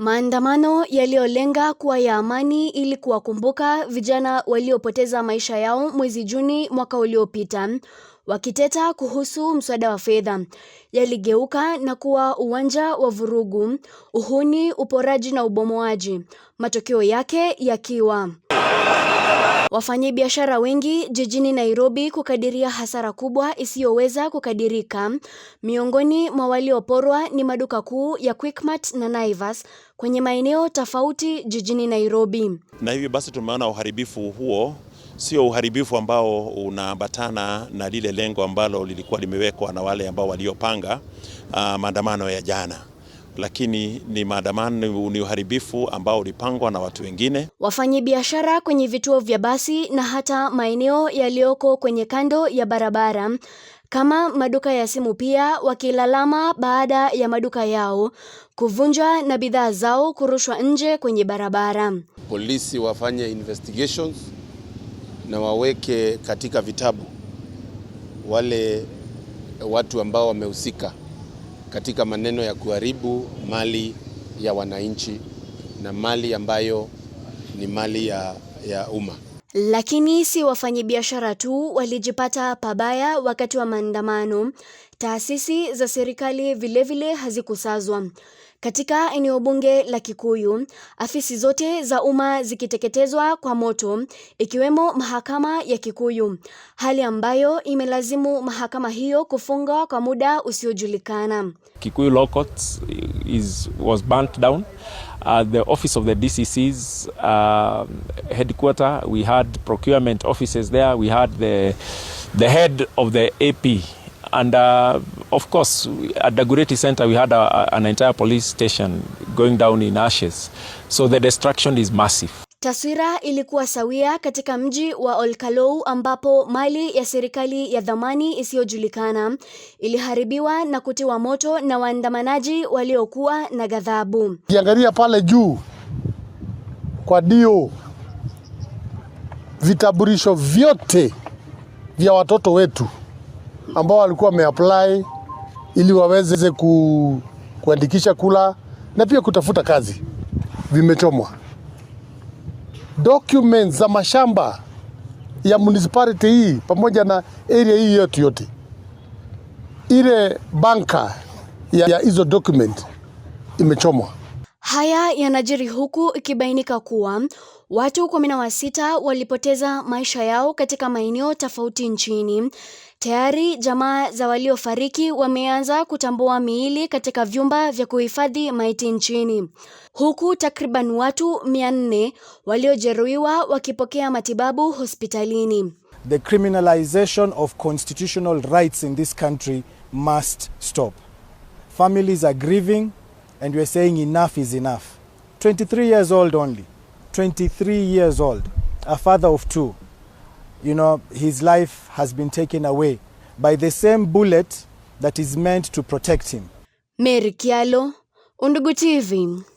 Maandamano yaliyolenga kuwa ya amani ili kuwakumbuka vijana waliopoteza maisha yao mwezi Juni mwaka uliopita wakiteta kuhusu mswada wa fedha yaligeuka na kuwa uwanja wa vurugu, uhuni, uporaji na ubomoaji, matokeo yake yakiwa Wafanyabiashara wengi jijini Nairobi kukadiria hasara kubwa isiyoweza kukadirika. Miongoni mwa walioporwa ni maduka kuu ya Quickmart na Naivas kwenye maeneo tofauti jijini Nairobi. Na hivyo basi tumeona uharibifu huo sio uharibifu ambao unaambatana na lile lengo ambalo lilikuwa limewekwa na wale ambao waliopanga uh, maandamano ya jana lakini ni maandamano, ni uharibifu ambao ulipangwa na watu wengine. Wafanyabiashara kwenye vituo vya basi na hata maeneo yaliyoko kwenye kando ya barabara kama maduka ya simu pia wakilalama baada ya maduka yao kuvunjwa na bidhaa zao kurushwa nje kwenye barabara. Polisi wafanye investigations na waweke katika vitabu wale watu ambao wamehusika katika maneno ya kuharibu mali ya wananchi na mali ambayo ni mali ya, ya umma. Lakini si wafanyabiashara tu walijipata pabaya wakati wa maandamano, taasisi za serikali vilevile hazikusazwa. Katika eneo bunge la Kikuyu, afisi zote za umma zikiteketezwa kwa moto, ikiwemo mahakama ya Kikuyu, hali ambayo imelazimu mahakama hiyo kufunga kwa muda usiojulikana. Kikuyu Law Court is was burnt down. Uh, the office of the DCC's uh, um, headquarter, we had procurement offices there, we had the, the head of the AP and uh, of course at the Gureti Center we had a, uh, an entire police station going down in ashes. So the destruction is massive. Taswira ilikuwa sawia katika mji wa Olkalou ambapo mali ya serikali ya dhamani isiyojulikana iliharibiwa na kutiwa moto na waandamanaji waliokuwa na ghadhabu. Ukiangalia pale juu kwa dio, vitambulisho vyote vya watoto wetu ambao walikuwa wameapply ili waweze ku, kuandikisha kula na pia kutafuta kazi vimechomwa documents za mashamba ya municipality hii pamoja na area hii yote yote, ile banka ya hizo document imechomwa. Haya yanajiri huku ikibainika kuwa watu kumi na sita walipoteza maisha yao katika maeneo tofauti nchini Tayari jamaa za waliofariki wameanza kutambua miili katika vyumba vya kuhifadhi maiti nchini, huku takriban watu 400 waliojeruhiwa wakipokea matibabu hospitalini. The criminalization of constitutional rights in this country must stop. Families are grieving and we are saying enough is enough. 23 years old only. 23 years old. A father of two you know, his life has been taken away by the same bullet that is meant to protect him. Mary Kialo, Undugu TV.